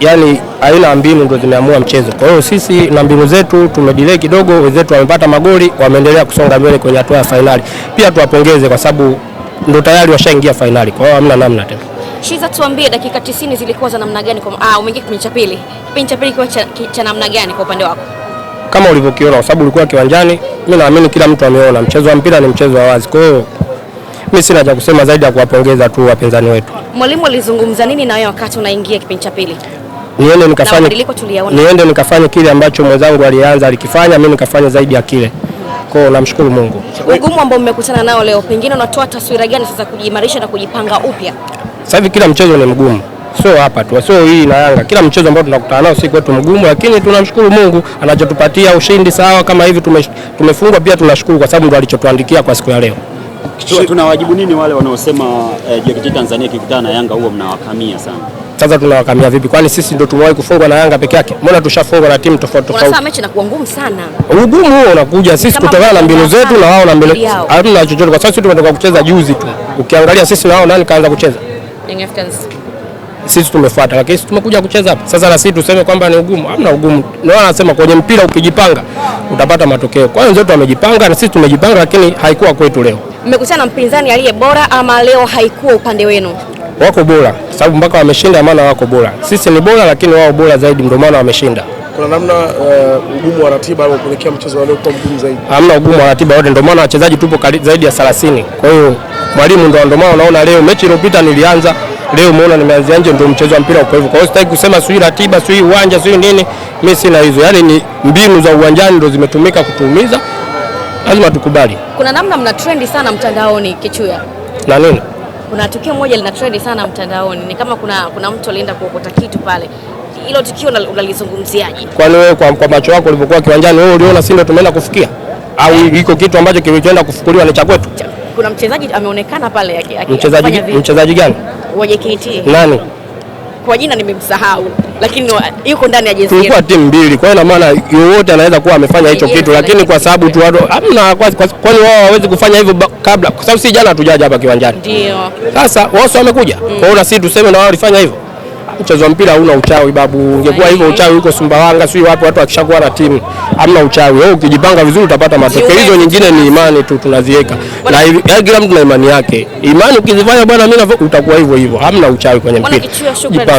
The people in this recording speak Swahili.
yani aina mbinu ndio zimeamua mchezo. Kwa hiyo sisi na mbinu zetu tumedilei kidogo, wenzetu wamepata magoli, wameendelea kusonga mbele kwenye hatua ya fainali. Pia tuwapongeze kwa sababu ndio tayari washaingia fainali, kwa hiyo hamna namna tena. Shiza, tuambie dakika 90 zilikuwa za namna gani? Kwa Ah, umeingia kipindi cha pili, kipindi cha pili kwa cha, cha namna gani kwa upande wako? Kama ulivyokiona, kwa sababu ulikuwa kiwanjani, mimi naamini kila mtu ameona, mchezo wa mpira ni mchezo wa wazi, kwa hiyo mimi sina cha kusema zaidi ya kuwapongeza tu wapinzani wetu. Mwalimu alizungumza nini na wewe wakati unaingia kipindi cha pili? niende nikafanye, niende nikafanye kile ambacho mwenzangu alianza alikifanya, mimi nikafanya zaidi ya kile Kwa hiyo Namshukuru Mungu. Ugumu ambao mmekutana nao leo, pengine unatoa taswira gani sasa kujimarisha na kujipanga upya? Sasa hivi kila mchezo ni mgumu, sio hapa tu, sio hii na Yanga. Kila mchezo ambao tunakutana nao si kwetu mgumu, lakini tunamshukuru Mungu anachotupatia ushindi. Sawa, kama hivi tumefungwa, pia tunashukuru kwa sababu ndo alichotuandikia kwa siku ya leo. Tunawajibu nini wale wanaosema eh, JKT Tanzania ikikutana na Yanga huo mnawakamia sana? Sasa tunawakamia vipi? Kwani sisi ndio tumewahi kufungwa na Yanga peke yake? Mbona tushafungwa na timu tofauti tofauti? Sasa mechi inakuwa ngumu sana. Ugumu huo unakuja sisi kutokana na mbinu zetu na wao na mbinu. Hatuna chochote kwa sababu sisi tumetoka kucheza juzi tu. Ukiangalia sisi na wao nani kaanza kucheza? Young Africans. Sisi tumefuata lakini sisi tumekuja kucheza hapa. Sasa na sisi tuseme kwamba ni ugumu. Hamna ugumu. Na wanasema kwenye mpira ukijipanga utapata matokeo. Kwa hiyo wenzetu wamejipanga na sisi tumejipanga, lakini haikuwa kwetu leo. Mmekutana na mpinzani aliye bora ama leo haikuwa upande wenu? wako bora, sababu mpaka wameshinda, maana wako bora. Sisi ni bora, lakini wao bora zaidi, ndio maana wameshinda. Kuna namna uh, ugumu wa ratiba au kuelekea mchezo wa leo kwa mgumu zaidi? Hamna ugumu wa ratiba wote, ndio maana wachezaji tupo zaidi ya 30. Kwa hiyo mwalimu ndio, ndio maana unaona leo mechi iliyopita nilianza leo umeona nimeanzia nje, ndio mchezo wa mpira uko hivyo. Kwa hiyo sitaki kusema sio ratiba sio uwanja sio nini, mimi sina hizo, yaani ni mbinu za uwanjani ndio zimetumika kutuumiza, lazima tukubali. Kuna namna mna trendi sana mtandaoni kichuya na nini kuna tukio moja lina trend sana mtandaoni, ni kama kuna, kuna mtu alienda kuokota kitu pale. Hilo tukio unalizungumziaje? Kwani wewe kwa, kwa macho yako ulivyokuwa kiwanjani wewe uliona, si ndio tumeenda kufikia au iko kitu ambacho kilichoenda kufukuliwa ni cha kwetu? Kuna mchezaji ameonekana pale, mchezaji gani wa JKT nani? kwa jina nimemsahau, lakini yuko ndani ya jezi yetu. Tulikuwa timu mbili, kwa hiyo ina maana yoyote anaweza kuwa amefanya hicho kitu, lakini kwa sababu tu watu hamna, kwani wao hawawezi kufanya hivyo kabla, kwa sababu si jana hatujaja hapa kiwanjani. Ndio sasa wao wamekuja, mm. kwa hiyo na sisi tuseme na wao walifanya hivyo. Mchezo wa mpira hauna uchawi babu. Ungekuwa hivyo uchawi uko Sumbawanga, sio wapi watu wakishakuwa na timu, hamna uchawi. Wewe ukijipanga vizuri utapata matokeo. Hizo nyingine ni imani tu tunaziweka, na hivi eh, kila mtu na imani yake. Imani ukizifanya bwana, mimi na utakuwa hivyo hivyo, hamna uchawi kwenye mpira.